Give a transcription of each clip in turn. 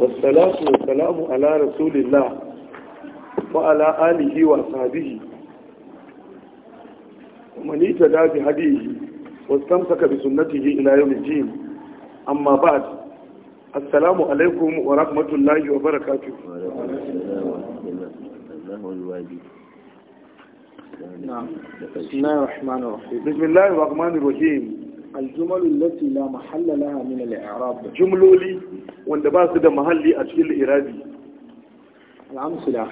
والصلاة والسلام على رسول الله وعلى آله وصحبه ومن اهتدى بهديه واستمسك بسنته إلى يوم الدين أما بعد السلام عليكم ورحمة الله وبركاته نعم. بسم الله الرحمن الرحيم بسم الله الرحمن الرحيم الجمل التي لا محل لها من الإعراب جملولي وان دباس ده محلي أشكال الإرادي الأمثلة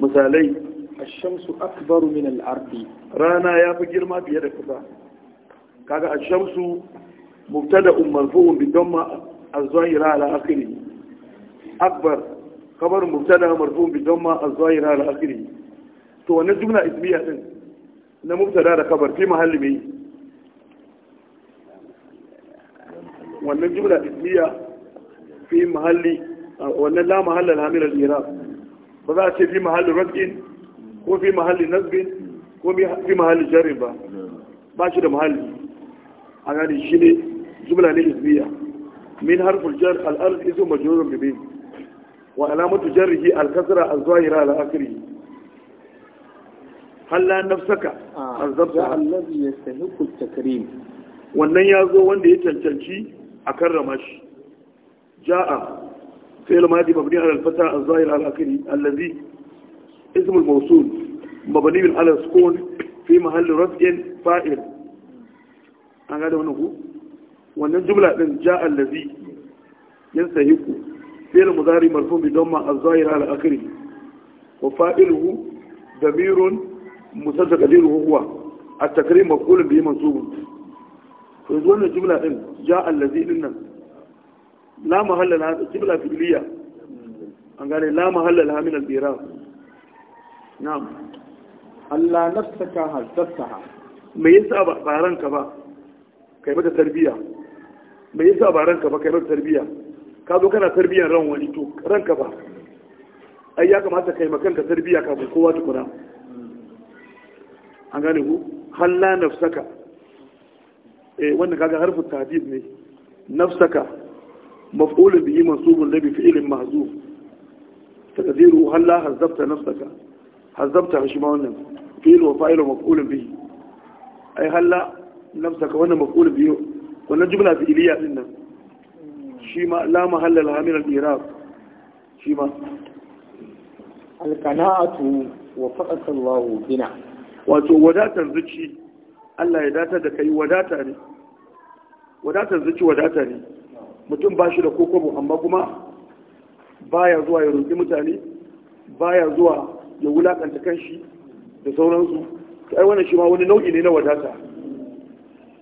مثالي الشمس أكبر من الأرض رانا يا فجر ما بيد كذا كذا الشمس مبتدأ مرفوع بالضمة الظاهرة على آخره أكبر خبر مبتدأ مرفوع بالضمة الظاهرة على آخره تو الجملة اسمية نا مبتدأ خبر في محل مين wannan jumla ismiya fi mahalli wannan la mahalla al-hamil al-i'rab ba za a ce fi mahalli rafin ko fi mahalli nasbin ko fi mahalli jarrin ba ba shi da mahalli a gani shi ne jumla ne ismiya min harful jar al-arz isu majrurun bi wa alamatu jarrihi al-kasra al zahira ala akhirih halla nafsaka azabta ah, allazi yastahiqu at-takrim wannan yazo wanda ya cancanci a karrama shi ja'a fi'il madi mabni ala al-fata az-zahir ala akhiri allazi ism al-mawsul mabni bil ala sukun fi mahall raf'in fa'il an ga da wannan ku wannan jumla din ja'a allazi yansahiku fi'il mudari marfu' bi damma az-zahir ala akhiri wa fa'iluhu damirun musaddaq qadiruhu huwa at-takrim maf'ul bihi mansubun to yanzu wannan jimla din ja allazi din nan la mahalla la jimla fi'liya an gane la mahalla la min al Allah na'am Allah nafsaka haddathaha me yasa ba ranka ba kai mata tarbiya me yasa ba ranka ba kai mata tarbiya ka zo kana tarbiyan ran wani to ranka ba ai ya kamata kai ka tarbiya kafin kowa tukuna an gane ku halla nafsaka Eh, wannan kaga harfin tahdid ne nafsaka maf'ulun bihi mansubun la bi fi'lin mahzuf taqdiru halla hazabta nafsaka hazabta shi ma wannan fi'l wa fa'il maf'ulun bihi ai halla nafsaka wannan maf'ulun bihi wannan jumla fi'liya din nan shi ma la mahalla laha min shi ma al-qana'atu wa faqata Allah Allah ya datar da kai wadata ne wadatar zuci wadata ne mutum ba shi da kokobo amma kuma baya zuwa ya roƙi mutane baya zuwa ya wulaƙanta kanshi da sauransu to ai wani shi ma wani nau'i ne na wadata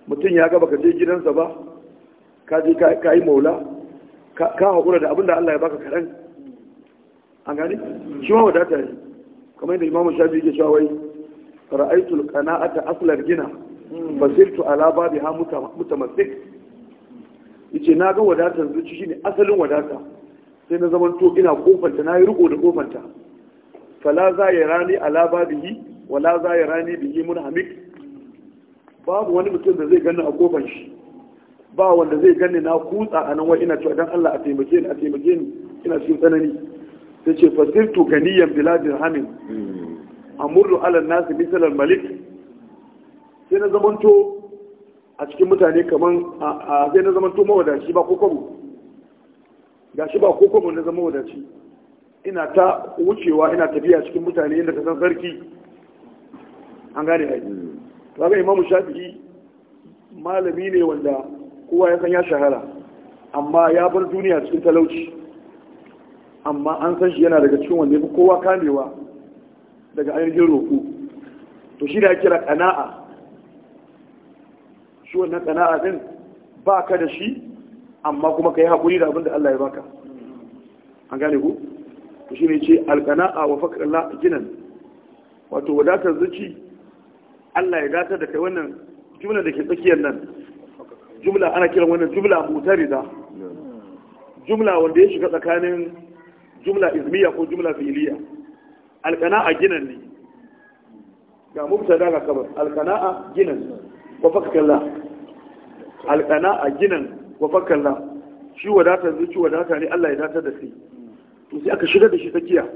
mutum ya gaba ka je gidansa ba ka je ka yi maula ka haƙura da abin da Allah ya baka kaɗan an gani shi ma wadata ne kamar yadda imamu shafi yake cewa wai ra'aitul ta aslar gina hmm. basirtu ala ha mutamassik yace na ga wadatar zuci shine asalin wadata sai na zaman to ina kofanta na yi riko da kofanta fala za ya rani ala babihi wala za ya rani bihi munhamik babu wani mutum da zai ganni a kofan shi ba wanda zai ganni na kutsa a nan wai ina cewa dan Allah a taimake ni a taimake ni ina cikin tsanani sai ce fasirtu ganiyan biladin hamin hmm. amurru ala nasi misalar malik sai na zamanto a cikin mutane kamar a zai na zaman to mawadaci ba ko ga shi ba ko na zama wadaci ina ta wucewa ina tafiya cikin mutane inda ta san sarki an gane ai to ga imamu shafi'i malami ne wanda kowa ya san ya shahara amma ya bar duniya cikin talauci amma an san shi yana daga cikin wanda ya fi kowa kamewa daga ainihin roƙo to shi da kira ƙana'a shi wannan sana'a din ba ka da shi amma kuma ka yi haƙuri da abin da Allah ya baka an gane ku to shi ne ce alƙana'a wa faƙalla ginan wato wadatar zuci Allah ya datar da kai wannan jumla da ke tsakiyar nan jumla ana kiran wannan jumla mutarida jumla wanda ya shiga tsakanin jumla izmiya ko jumla fi'iliya alƙana'a ginan ne ga mubtada ga kabar alƙana'a ginan wa faƙalla alƙana a ginan wa fakalla shi wadatar zuci wadata ne Allah ya datar da shi to sai aka shigar da shi tsakiya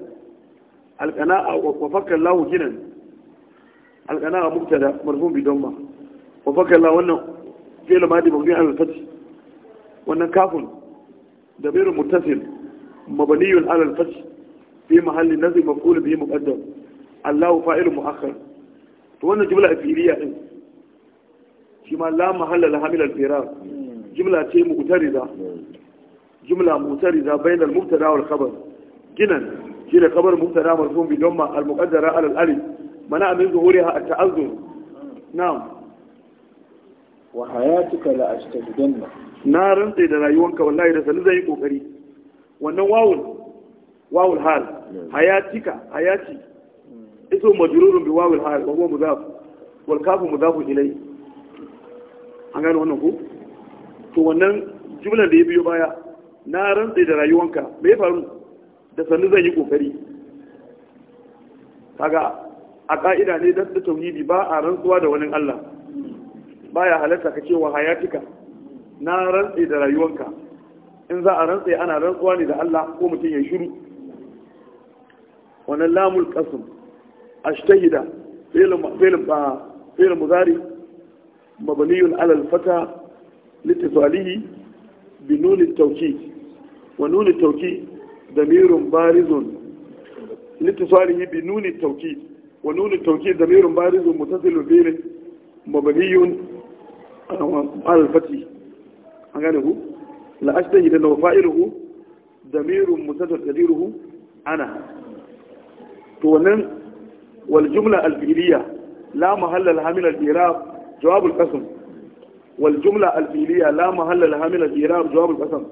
alƙana wa fakalla wa ginan alƙana a da marhum bidon ma wa fakalla wannan fi'il madi mabni al fath wannan kafin da bayr muttasil mabni al al fath fi mahalli nazm maf'ul bihi muqaddam Allahu fa'il mu'akhkhar to wannan jumla afiliya din shi ma la mahalla la hamil firar jimla ce mu'tarida jimla mu'tarida bainal mubtada wal khabar ginan shi da khabar mubtada marfun bi damma al-muqaddara ala al-alif mana min zuhuriha at-ta'azzur na'am wa hayatuka la ashtadanna na rantsa da rayuwanka wallahi da sanin zai yi kokari wannan wawul wawul hal hayatika hayati ito majrurun bi wawul hal wa huwa mudaf wal kafu mudaf ilayhi an gane wannan ko to wannan jumlan da ya biyo baya na rantse da rayuwanka me ya faru da sannu zan yi kokari kaga a ka'ida ne da tauhidi ba a rantsuwa da wani Allah baya halatta ka cewa hayatika na rantse da rayuwanka in za a rantse ana rantsuwa ne da Allah ko mutum ya shiru wannan lamul qasam ashtahida fi'l fi'l ah, fi'l muzari مبني على الفتح لاتصاله بنون التوكيد ونون التوكيد ضمير بارز لاتصاله بنون التوكيد ونون التوكيد ضمير بارز متصل به مبني على الفتح أغانيه لا أشتهي لأنه فائله ضمير متصل تديره أنا تونن والجملة الفعلية لا محل لها من الإعراب جواب القسم والجملة الفعلية لا محل لها من الإعراب جواب القسم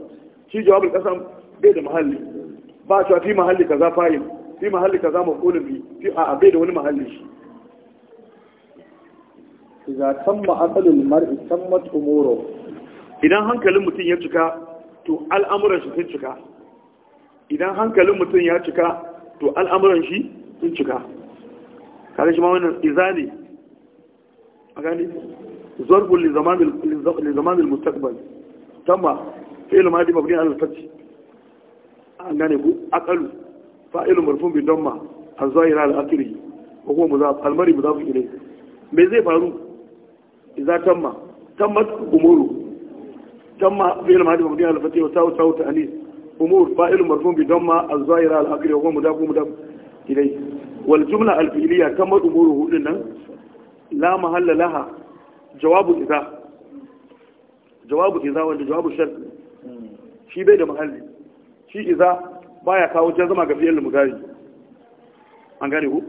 شي جواب القسم بيد محلي باشا في محل كذا فاعل في محل كذا مفعول به في بيد ولا محل شي إذا تم أصل المرء تمت أموره idan hankalin mutum ya cika to al'amuran shi sun cika idan hankalin mutum ya cika to al'amuran shi sun cika kada shi ma wannan iza ne a gani zarfu lizaman al tamma fi'il madi mabni ala al-fath ku aqalu fa'il marfun bi damma az-zahir al-akhiri wa huwa mudaf al-mari mudaf ilayh me zai faru idza tamma tammat umuru tamma fi'il madi mabni ala al-fath wa ta'u ta'u ta'anis umur fa'il marfun damma az-zahir al wal jumla al-fi'liya tammat nan la mahalla laha jawabu iza jawabu iza wanda jawabu shart shi bai da mahalli shi iza baya kawo jazama ga fi'il mudari an gane ku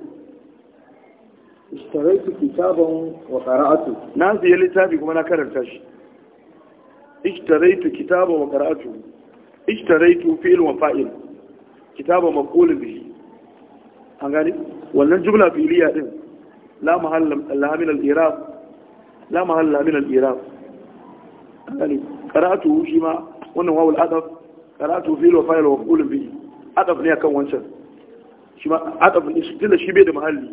istaraitu kitaban wa na ziyar littafi kuma na karanta shi اشتريت كتابا وقرأته اشتريت فعل وفائل كتابا مقول به an gani wannan jumla filiya din لا محل لا من الإيراب لا محل من الإيراب يعني قرأته شما وأنه هو الأدف قرأته فيه الوفاية وقول به أدف نيا كان وانسا شما أدف نستل شي بيد محلي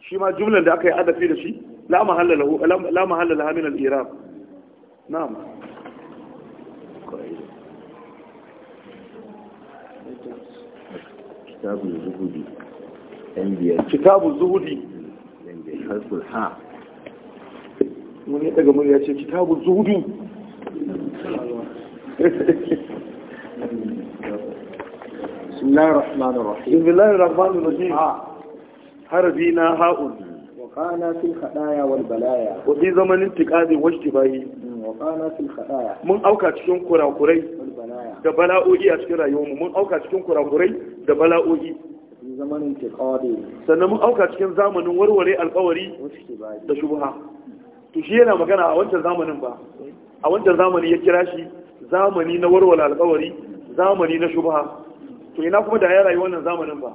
شما جملة ده أكي أدف فيه لشي لا محل له لا لا محل لا من الإيراب نعم كتاب الزهودي كتاب الزهودي ha wani daga murya ce kitabun zuhudu harbi na ha'un wakanatun haɗaya wal balaya wadda zamanin tikazin wajen bayi wakanatun haɗaya mun auka cikin kurakurai da bala'o'i a cikin rayuwa mun auka cikin kurakurai da bala'o'i zamanin tiqadi sannan mun auka cikin zamanin warware alƙawari da shubha to shi yana magana a wancan zamanin ba a wancan zamani ya kira shi zamani na warware alƙawari zamani na shubha to ina kuma da ya rayu wannan zamanin ba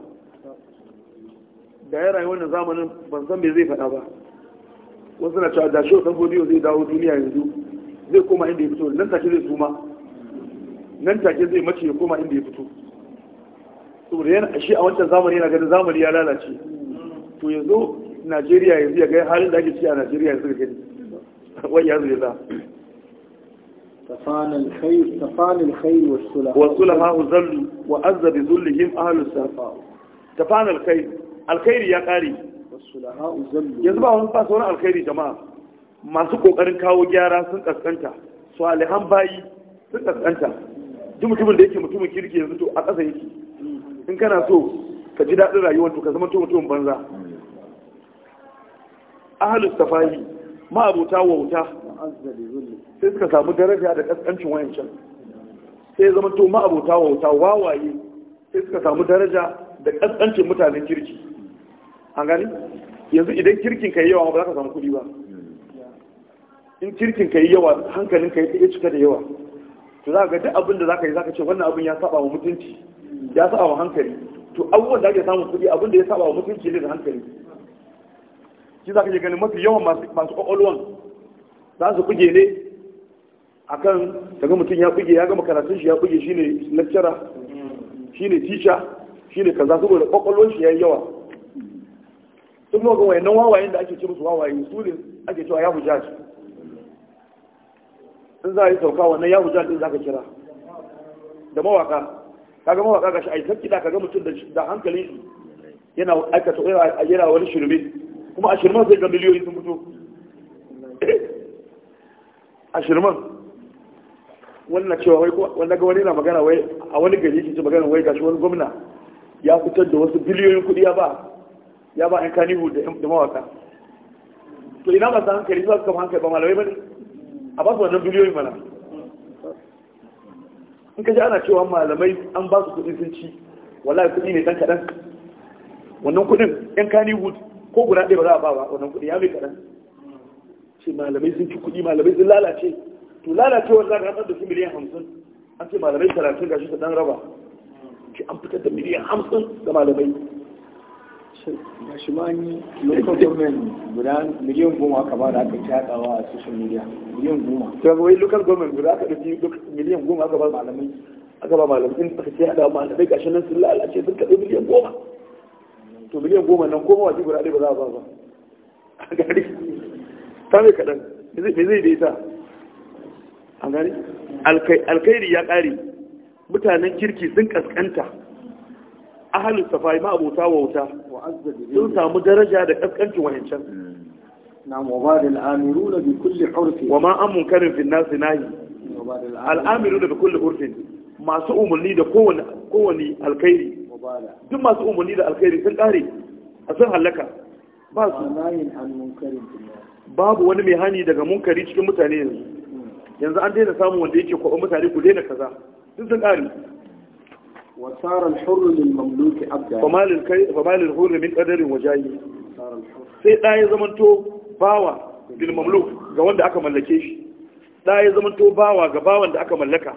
da ya rayu wannan zamanin ban san me zai faɗa ba wasu na cewa da shi wasan godiyo zai dawo duniya yanzu zai koma inda ya fito nan take zai suma nan take zai mace ya koma inda ya fito saboda yana shi a wancan zamani yana ganin zamani ya lalace to yanzu najeriya yanzu ya ga halin da ake ci a najeriya yanzu gani wai ya zai za تفانى الخير wasu الخير والصلح والصلحاء ذلوا وعز بذلهم اهل السفاء تفانى الخير الخير يا قاري والصلحاء yanzu ba wani fasoran alkhairi jama'a masu kokarin kawo gyara sun kaskanta salihan bayi sun kaskanta duk mutumin da yake mutumin kirki yanzu to a ƙasa yake in kana so ka ji daɗin rayuwar to ka zama to mutum banza ahalus tafahi wa wuta sai suka samu daraja da kaskancin wayancan sai zama to wa wuta wawaye sai suka samu daraja da kaskancin mutanen kirki an gani yanzu idan kirkin ka yi yawa ba za ka samu kuɗi ba in kirkin ka yi yawa hankalin ka yi cika da yawa to za ka ga duk abin da za ka yi za ka ce wannan abin ya saba wa mutunci ya sa wa hankali to abubuwan da ake samun kuɗi abin da ya saba wa mutunci ne da hankali shi za ka je ganin mafi yawan masu ƙwaƙwalwan za su kuge ne a kan daga mutum ya kuge ya gama karatun shi ya shi ne lecturer ne teacher ne kaza saboda ƙwaƙwalwan shi yi yawa sun ga wayannan wawayen da ake ce musu wawaye su ne ake cewa ya hujjaj in za a yi sauka wannan ya hujjaj din za ka kira da mawaka kaga mawaka gashi ai sai kida kaga mutum da hankali yana aikata a yana wani shirme kuma a shirman sai ga miliyoyi sun fito a shirman wannan cewa wai wanda ga wani na magana wai a wani gari yake magana wai gashi wani gwamna ya fitar da wasu biliyoyin kuɗi ya ba ya ba yan kanihu da mawaka to ina ba su hankali ba su kama hankali ba malamai ba ne a ba su wannan biliyoyin mana in ka ji ana cewa malamai an ba su kudin sun ci wallahi kudi ne dan kadan wannan yan kani wood ko guda ɗaya ba za a ba ba wannan kudi ya mai kadan ce malamai sun ci kudi malamai sun lalace to wanda za ka da su miliyan hamsin an ce malamai talatin shi ta dan raba ce an fitar da miliyan hamsin ga malamai gashimani local government guda miliyan goma aka bada aka yadawa a social media miliyan goma to wai local government guda aka dauki miliyan goma aka ba malamai aka ba malamai in aka yada malamai gashin nan sun lalace sun kaɗai miliyan goma to miliyan goma nan goma waje guda ɗaya ba za a ba ba a gari ta mai kaɗan me zai da ita a gari alkairi ya ƙare mutanen kirki sun ƙasƙanta ahalin safai ma abota wauta sun samu daraja da kaskancin wahincan na mubadil da bi kulli urfi wa ma an munkarin fi nasi nahi da bi kulli urfin masu umarni da kowane kowane alkhairi duk masu umarni da alkhairi sun kare a sun halaka ba su babu wani mai hani daga munkari cikin mutane yanzu hmm. yanzu an daina samun wanda yake kwaɓa mutane ku daina kaza duk sun kare وصار الحر للمملوك عبدا فما للكي فما للحر من قدر وجاي sai da ya zamanto bawa mamluk ga wanda aka mallake shi da ya zamanto bawa ga bawan da aka mallaka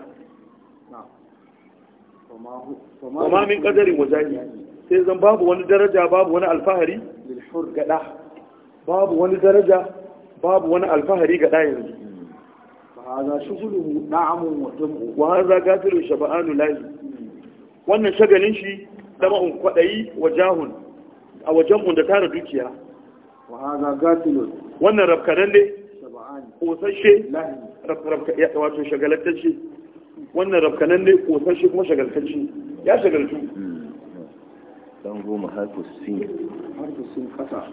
kuma min kadarin wajahi sai zan babu wani daraja babu wani alfahari ga babu wani daraja babu wani alfahari ga da yanzu هذا شغله نعم Wa وهذا قاتل shaba'anu لازم wannan shagalin shi dama'un kwaɗayi wa jahun a wajenmu da tara dukiya wannan rafkanan ne ƙosashe wato shagalatacce wannan ne kuma shagalatacce ya shagaltu hmm. Dan goma ku sin harfu sin kasa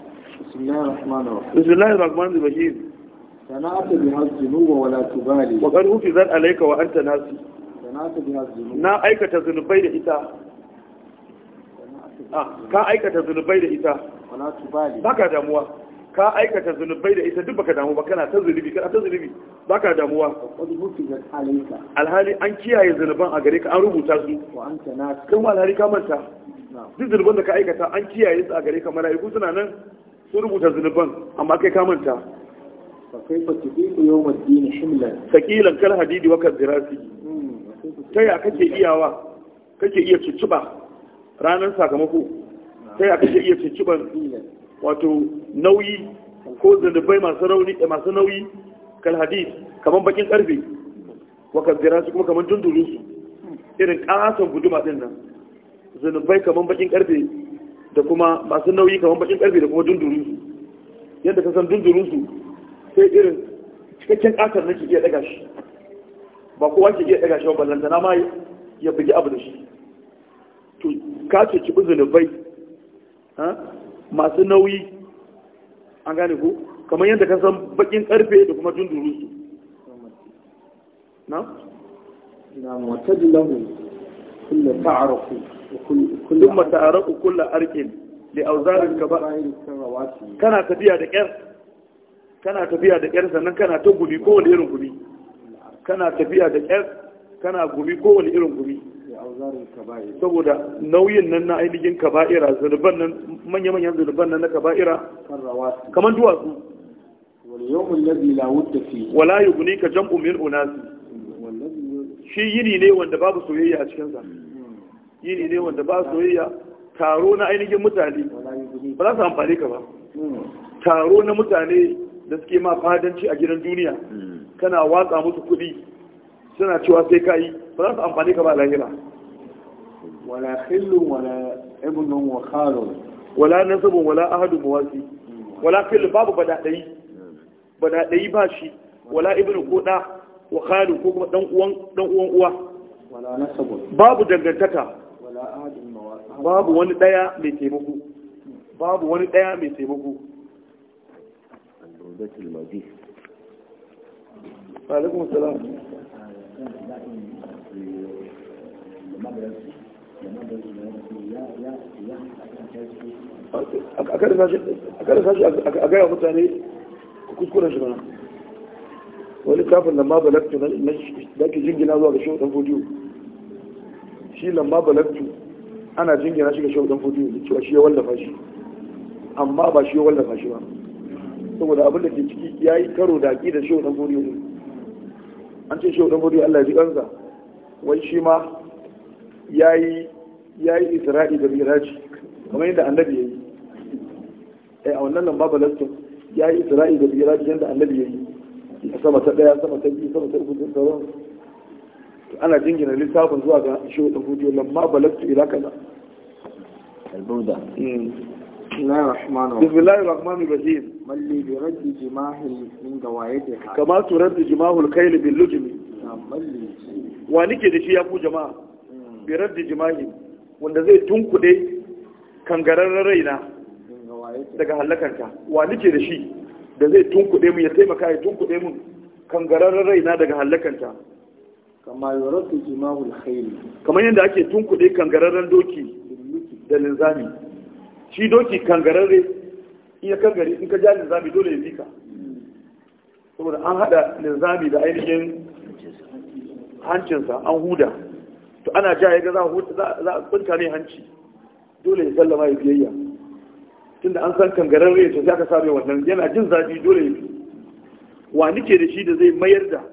bismillahir rahmanir rahim sana'atu bi hazzi nuwa wala tubali wa qad hufiza alayka wa anta nasi na aikata zunubai da ita ah, ka aikata zunubai da ita baka damuwa ka aikata zunubai da ita duk baka damu ba kana ta zunubi kana ta zunubi baka damuwa alhali an kiyaye zunuban a gare ka an rubuta su Kan ma alhali ka manta duk zunuban da ka aikata an kiyaye su a gare ka mala'iku suna nan sun rubuta zunuban amma kai ka manta فكيف تضيق Hadidi الدين حملا ثقيلا كالحديد ta ya kake iyawa kake iya cuciba ranar sakamako ta ya kake iya cicciban wato nauyi ko zanubai masu rauni da eh, masu nauyi kal hadith kaman bakin karfe waka zira su kuma kaman dundulun su irin kasan guduma din nan zanubai kaman bakin karfe da kuma masu nauyi kaman bakin karfe da kuma dundulun su yadda ka san dundulun su sai irin cikakken kasar nake iya daga shi ba kowa ke iya ɗaga shi ba na ma ya bugi abu da shi to ka ce ki zunubai masu nauyi an gane ku kamar yadda ka san bakin karfe da kuma dunduru su na? na mutajin lahu kulla ta'araku kullum mata'araku kulla arkin da auzarin ka ba kana tafiya da ƙyar kana tafiya da ƙyar sannan kana ta gumi kowane irin gumi kana tafiya da ƙyar kana gumi wani irin gumi saboda nauyin nan na ainihin kaba'ira zurban nan manya-manyan zurban nan na kaba'ira kamar duwatsu wala yi guni ka jan min unasi shi yini ne wanda babu soyayya a cikinsa yini ne wanda ba soyayya taro na ainihin mutane ba za su amfani ka ba taro na mutane da suke ma fadanci a gidan duniya hmm. kana watsa musu kuɗi suna cewa sai ka yi ba za su amfani ka ba lahira wala khillu wala ibnun wa khalun wala nasabun wala ahadun mawasi hmm. wala khillu babu badadai hmm. badadai ba shi wala Ibnu Koda wa khalu ko kuma dan uwan dan uwan uwa wala nasabun babu dangantaka wala ahadun mawasi babu wani daya mai taimako babu wani daya mai taimako عمدة المزيد وعليكم السلام sashi a gaya mutane ku kuskura shi mana wani kafin lamma balaktu zuwa ga shaudan fudiyo shi lamma ana jingina shi ga shi ya wallafa amma ba shi ya wallafa shi ba saboda abin da ke ciki ya yi karo da ki da shehu dan ne an ce shehu dan Allah ji kansa wai shi ma ya yi isra'i da miraji kamar yadda annabi ya yi eh, a wannan lamba balastin ya yi isra'i da miraji yadda annabi ya yi a sama ta ɗaya sama ta biyu sama ta uku sun sauran ana jingina lissafin zuwa ga shehu dan godiyo lamma balastu ila kaza بسم الله الرحمن الرحيم من لي برد جماح من قوايتها كما ترد جماح الخيل باللجم ونكي دشي يا ابو جماعه برد جماح wanda zai tunkuɗe kangararren رينا daga hallakarta wa nake da shi da zai tunkuɗe mu ya taimaka ya tunkuɗe mun kangararren raina daga hallakarta kama yoratu jima'ul khayl kamar yadda ake tunkuɗe kangararren doki da linzami shi doki kangararre iya kangare in ka ja linzami dole ya zika saboda an hada linzami da ainihin hancinsa an huda to ana ja ya ga za a kunta ne hanci dole ya sallama ya biyayya tunda an san kangararre to sai ka same wannan yana jin zafi dole ya fi wa nike da shi da zai mayar da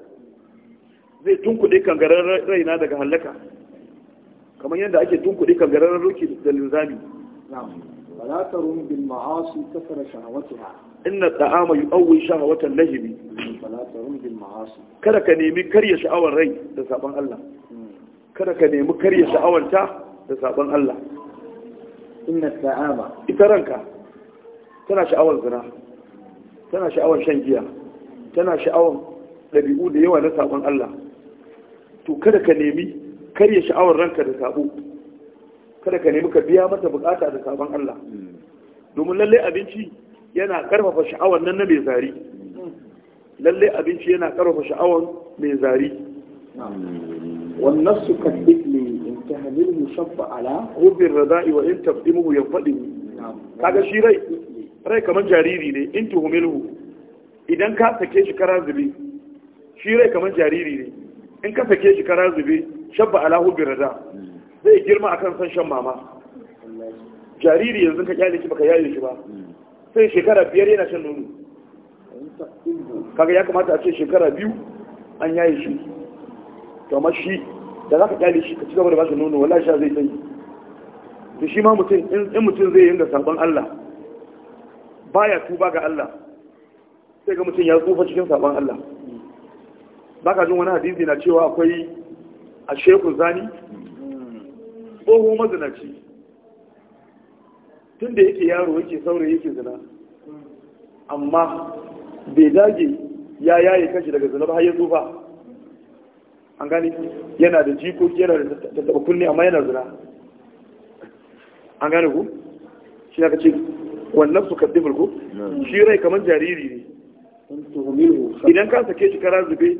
zai tunkuɗe kangarar raina daga hallaka kamar yadda ake tunkuɗe kangarar roki da linzami فلا ترم بالمعاصي كثر شهوتها إن الطعام يؤوي شهوة اللهب فلا ترم بالمعاصي kada ka nemi karya sha'awar rai da sabon Allah kada ka nemi karya sha'awar ta da sabon Allah inna ta'ama ita ranka tana sha'awar zina tana sha'awar shan giya tana sha'awar dabi'u da yawa na sabon Allah to kada ka nemi karya sha'awar ranka da sabo kada ka nemi ka biya mata bukata da sabon Allah domin lallai abinci yana karfafa sha'awar nan na mai zari lallai abinci yana karfafa sha'awar mai zari wannan su kan ne in ta halil mushaffa ala hubin raza'i wa in tabdimuhu ya faɗi kaga shi rai rai kamar jariri ne in tuhumilhu idan ka sake shi kara zube shi rai kamar jariri ne in ka sake shi kara zube shabba ala hubin rada'i zai girma akan san shan mama jariri yanzu ka kyale shi baka yaye shi ba sai shekara biyar yana shan nono kaga ya kamata a ce shekara biyu an yaye shi to amma shi da zaka kyale shi ka ci gaba da ba shi nono wallahi sha zai sani to shi ma mutum in mutum zai da sabon Allah baya tuba ga Allah sai ga mutum ya tsufa cikin sabon Allah baka jin wani hadisi na cewa akwai a shehu zani tsoho mazinaci tun da yake yaro yake saurayi yake zina amma bai dage ya yaye kashi daga zina ba ya zo ba an gani yana da jikoki yana da tattaba kunne amma yana zina an gani ku shi na kace wannan su kaddi mulku shi rai kamar jariri ne idan ka sake shi kara zube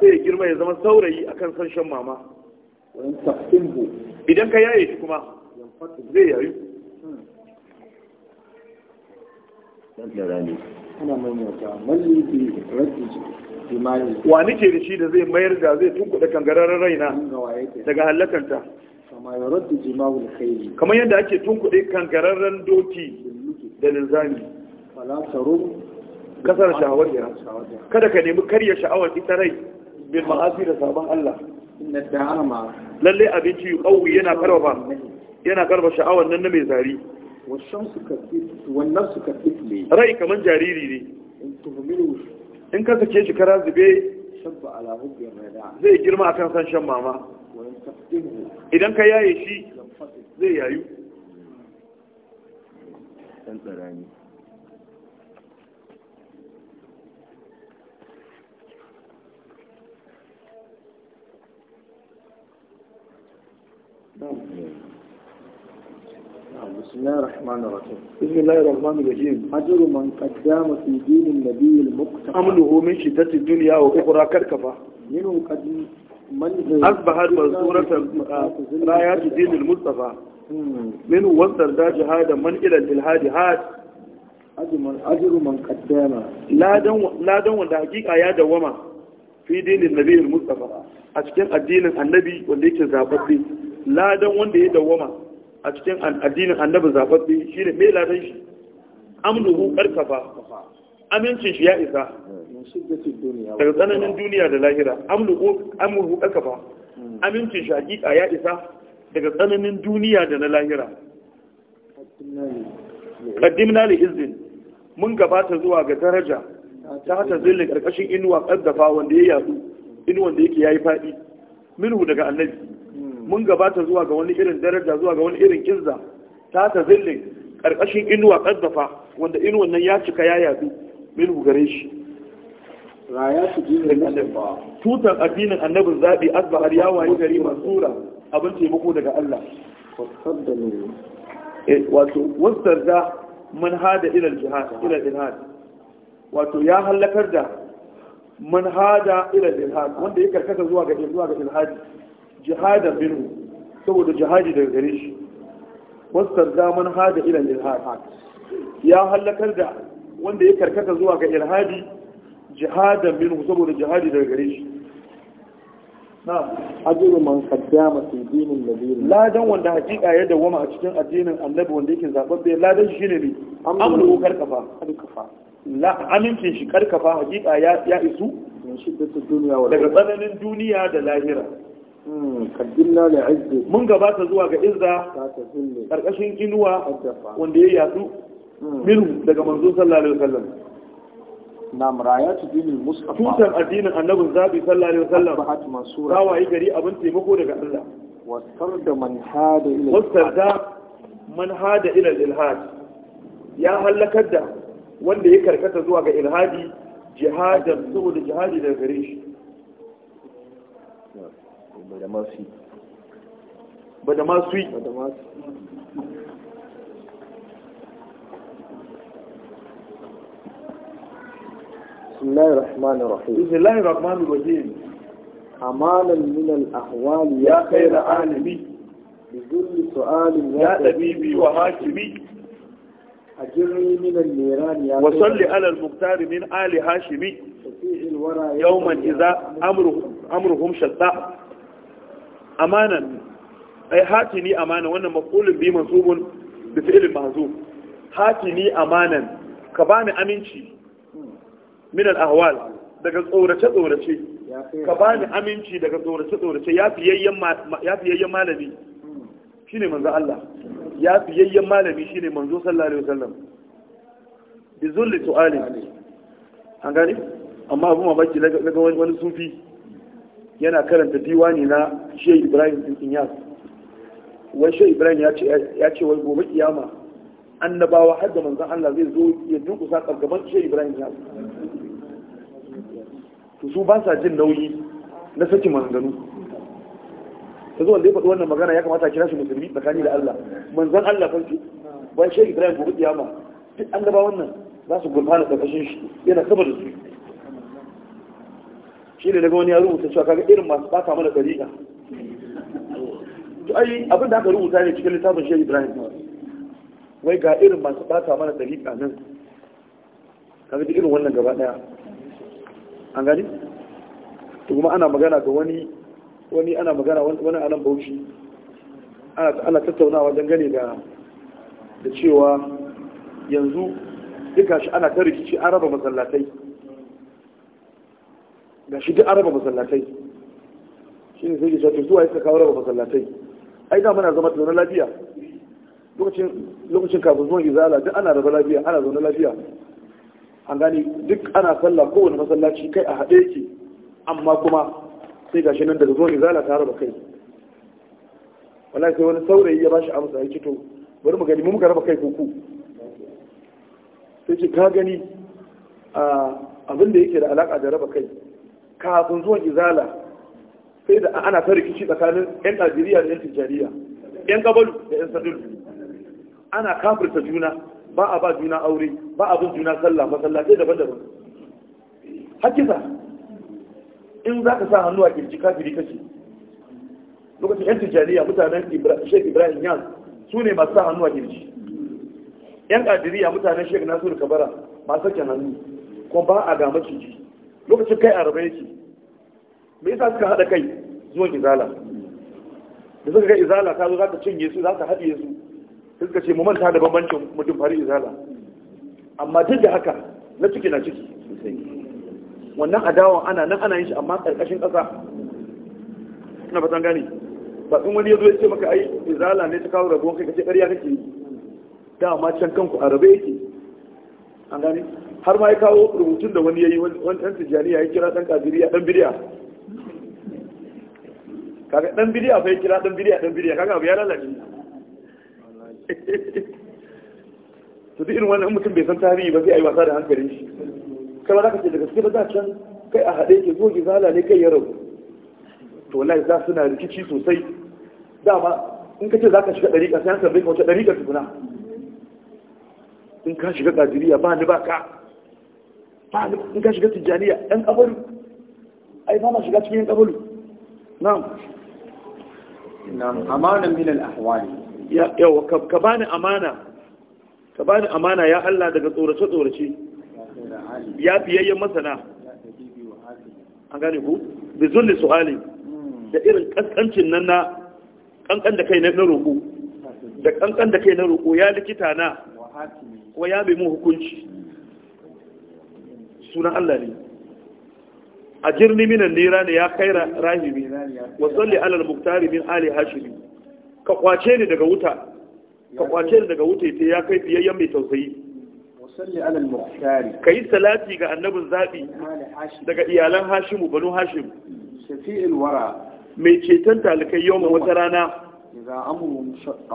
sai ya girma ya zama saurayi akan san shan mama idan ka yaye shi kuma zai yayu hmm. wa nike da shi da zai mayar da zai tun tunkuɗa kangararren raina daga hallakanta kamar yadda ake kuɗe kangararren doki da linzami kasar shahawar kada ka nemi karya sha'awar ita rai bin ma'asi da sabon Allah lalle abinci yi yana karfafa yana karfafa sha'awar nan na mai zari rai kamar jariri ne in ka sake shi kara zube zai girma a kan san shan mama idan ka yaye shi zai yayu tsarani بسم الله الرحمن الرحيم بسم الله الرحمن الرحيم أجر من قدام في دين النبي المقتدى أمله من شدة الدنيا وأخرى كركفة منه قد من أصبحت مذكورة رايات دين المصطفى من وصل ذا جهاد من إلى الإلهاد هاد أجر من قدام لا دون لا دون حقيقة يا دوما في دين النبي المصطفى أشكال الدين النبي واللي كذابت ladan wanda ya dawwama a cikin addinin annabi zababbe shi ne mai ladan shi amnuhu karkafa amincin shi ya isa daga tsananin duniya da lahira amnuhu karkafa hmm. amincin shi hakika ya isa daga tsananin duniya da na lahira kaddimna li izin mun gabata zuwa ga daraja ta hata zillin karkashin inuwa kaddafa wanda ya yadu inuwan da yake yayi fadi minhu daga annabi hmm. mun gabata zuwa ga wani irin daraja zuwa ga wani irin kinza ta ta zillin ƙarƙashin inuwa ƙaddafa wanda inuwan nan ya cika ya yadu min gare shi raya su dinin annabawa tutan addinin annabin zaɓi azba har ya wayi gari masura abin taimako daga Allah eh, wato wasar da man hada ilal jihad ilal ilhad wato ya halakar da man hada ilal ilhad wanda ya karkata zuwa ga zuwa ga ilhadi jihadan minhu saboda jihadi daga gare shi wasar zaman hada ilan ilhad ya halakar da wanda ya karkata zuwa ga ilhadi jihadan minhu saboda jihadi daga gare shi na ajiru man kaddama fi dinin nabi ladan wanda hakika ya dawama a cikin addinin annabi wanda yake zababbe ladan shi ne ne amru karkafa karkafa la amincin shi karkafa hakika ya ya isu daga tsananin duniya da lahira Hmm, kaddinna da izzi mun gabata zuwa ga izza karkashin inuwa wanda ya yi yatsu hmm. minhu daga manzo sallallahu alaihi wasallam nam rayatu dinin mustafa tutan addinin annabin zabi sallallahu alaihi wasallam bahat mansura rawayi gari abin taimako daga Allah wasar da man hada ila wasar da man ila ilhad ya halakar da wanda ya karkata zuwa ga ilhadi jihadan saboda jihadi daga gare shi بسم الله الرحمن الرحيم بسم الله الرحمن الرحيم أمانا من الأحوال يا خير عالمي بكل سؤال يا طبيبي وهاشمي أجرني من النيران يا وصل على المختار من آل هاشمي يوما إذا أمره أمرهم شتاء amanan ai ni amanan wannan maqulun bi mansubun bi fi'lin mahzuf ni amanan ka bani aminci min al-ahwal daga tsorace tsorace ka bani aminci daga tsorace tsorace ya fiyayyen ya fiyayyen malami shine manzo Allah ya fiyayyen malami shine manzo sallallahu alaihi wasallam bi zulli su'ali an gani amma abu mamaki daga wani sufi yana karanta diwani na shehu ibrahim bin inyas wai shehu ibrahim ya ce wai gobe kiyama annabawa har da manzan allah zai zo ya dunkusa gaban shehu ibrahim ya to su ba sa jin nauyi na saki maganganu ta zo wanda ya faɗi wannan magana ya kamata a kira shi musulmi tsakani da allah manzan allah farki wai shehu ibrahim gobe kiyama duk annabawan nan za su gurfana ƙarƙashin shi yana saba da su shi ne daga wani ya rubuta cewa kaga irin masu ɓata mana dariƙa to ai abin da aka rubuta ne cikin littafin shehu ibrahim wai ga irin masu ɓata mana dariƙa nan kaga duk irin wannan gaba ɗaya an gani to kuma ana magana ga wani wani ana magana wani anan bauchi ana tattaunawa dangane da da cewa yanzu duka shi ana ta rikici an raba masallatai ga shi duk an raba masallatai shi ne sai ya to zuwa ya kawo raba masallatai ai da muna zama zaune lafiya lokacin kafin zuwan izala duk ana raba lafiya ana zaune lafiya an gani duk ana sallah kowane masallaci kai a haɗe yake amma kuma sai gashi nan daga zuwan izala ta raba kai wallahi sai wani saurayi ya bashi amsa ya to bari mu gani mu muka raba kai ko ku sai ce ka gani abin da yake da alaka da raba kai kafin zuwa izala sai da ana ta rikici tsakanin yan najeriya da yan tijjaniya yan gabalu da yan sadulu ana kafirta juna ba a ba juna aure ba a bin juna sallah masallatai daban-daban hakika in za ka sa hannu a kirji kafiri kace lokacin yan tijjaniya mutanen shek ibrahim yan su ne masu sa hannu a kirji yan kadiriya mutanen shek nasiru kabara masu sakin hannu ko ba a gama cikin lokacin kai a rabe yake me yasa suka haɗa kai zuwa izala da suka kai izala ta zo za ta cinye su za ta haɗiye su suka ce mu manta da bambancin mutum fari izala amma duk da haka na ciki na ciki wannan adawan ana nan ana yin shi amma ƙarƙashin ƙasa ina fatan gani ba in wani ya ya ce maka ai izala ne ta kawo rabuwan kai kace ƙarya kake yi dama can kanku a rabe yake an gani har ma ya kawo rubutun da wani ya yi wani ɗan tijjani ya kira ɗan kadiriya ɗan bidiya kaga ɗan bidiya fa ya kira ɗan bidiya ɗan bidiya kaga abu ya lalace to duk irin wannan mutum bai san tarihi ba Zai yi wasa da hankalin shi kai zaka za ce daga cikin da can kai a haɗe ke goge, zala ne kai ya rabu to wallahi za suna rikici sosai dama in ka ce za ka shiga ɗariƙa sai an tambaye ka wace ɗariƙa tukuna in ka shiga gajiriya ba ni ba ka in ka shiga tijjaniya ɗan ƙabalu ai ba na shiga cikin ƙabalu na'am na'am amana min al-ahwali ya yawa ka bani amana ka bani amana ya Allah daga tsorace tsorace ya biyayyen masana an gane ku bi zulli su'ali da irin ƙasƙancin nan na ƙanƙan da kai na roƙo da ƙanƙan da kai na roƙo ya likita na wa ya bi mu hukunci sunan Allah ne a jirni minan nera ne ya kai rahimi wa salli alal muktari min ali hashimi ka kwace ni daga wuta ka kwace ni daga wuta ita ya kai fiyayyen mai tausayi ka yi salati ga annabin zaɓi daga iyalan hashimu banu hashim mai ceton talikai yau wata rana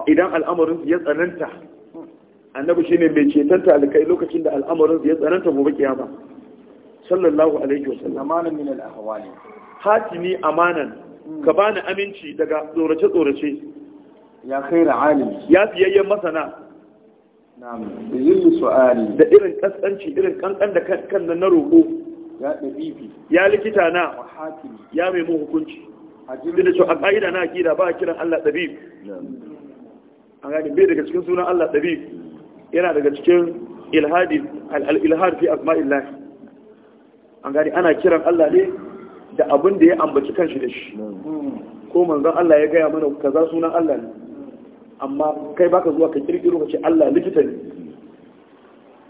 idan al'amarin ya tsananta hmm. annabi shine mai ceton talikai lokacin da al'amarin ya tsananta gobe kiyama sallallahu alaihi wasallam amanan min al-ahwali hatimi amanan hmm. ka bani aminci daga tsorace tsorace ya khaira alim ya fiyayyen masana na'am da yin su'ali da irin kaskanci irin kankan da kan na roƙo ya dabibi ya likita na ya mai mun hukunci da cewa a ƙa'ida na akida ba a kiran Allah ɗabib an gani bai daga cikin sunan Allah ɗabib yana daga cikin ilhadi al-ilhar fi asma'illahi an gani ana kiran Allah ne da abin da ya ambaci kanshi da shi ko manzon Allah ya gaya mana kaza sunan Allah ne amma kai baka zuwa ka kirkiro ka ce Allah likita ne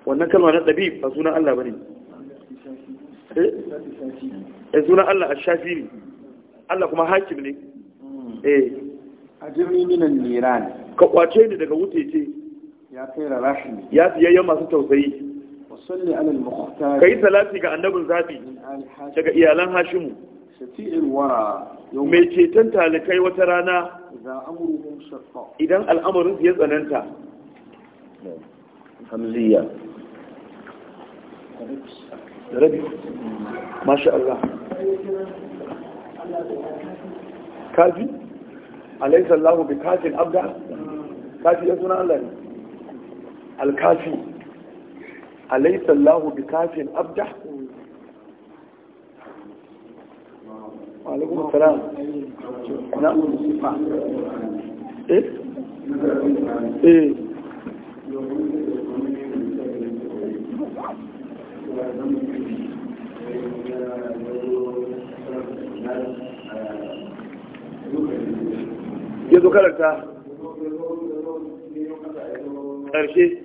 wannan kalma na dabi ba sunan Allah bane eh? eh sunan Allah ash-shafi ne Allah kuma hakim ne eh ajirni minan niran ka kwace ni daga wuce ce ya kai rarashi ya fiye masu tausayi ka yi salati ga annabin zafi daga iyalan hashimu mai ceton talikai wata rana idan al'amarin ya tsananta hamziya masha Allah kafi bi kafin abda kafi ya suna Allah ne أليس الله بكاف أبدع وعليكم السلام نعم إيه إيه ya zo karanta ƙarshe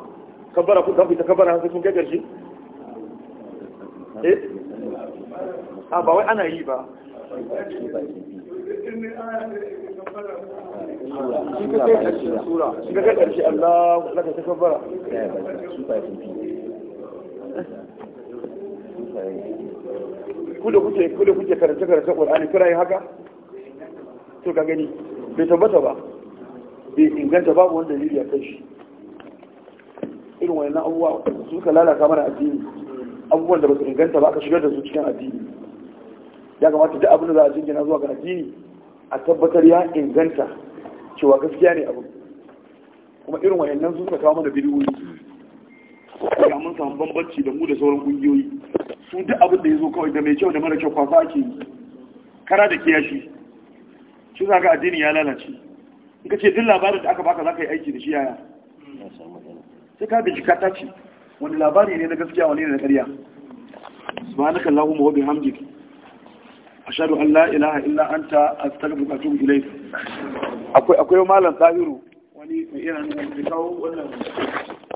kabbara ku kafi ta kabbara har sun kai eh a ah, ba wai ana yi ba shi kai karshe Allah laka ta kabbara ku da kuke ku da kuke karanta karanta Qur'ani kira yi haka to ka gani bai tabbata ba bai inganta babu wanda dalili ya kai shi irin na abubuwa su ka lalata mana addini abubuwan da ba su inganta ba aka shigar da su cikin addini ya kamata duk abin da za a jingina zuwa ga addini a tabbatar ya inganta cewa gaskiya ne abu kuma irin wayannan su suka kawo mana bidiyoyi ya mun samu bambanci da mu da sauran kungiyoyi su duk abin da ya zo kawai da mai kyau da mara kyau kwasa ake yi kara da kiyashi shi za ka addini ya lalace in ka ce duk labarin da aka baka za ka yi aiki da shi yaya sai ka bincika ta ce wani labari ne na gaskiya wani ne na ƙarya subhanaka allahumma wa hamdi a shaɗu allah ilaha illa anta astaghfiruka wa atubu ilayk gilai. akwai malam tsahiru wani mai irin da kawo wannan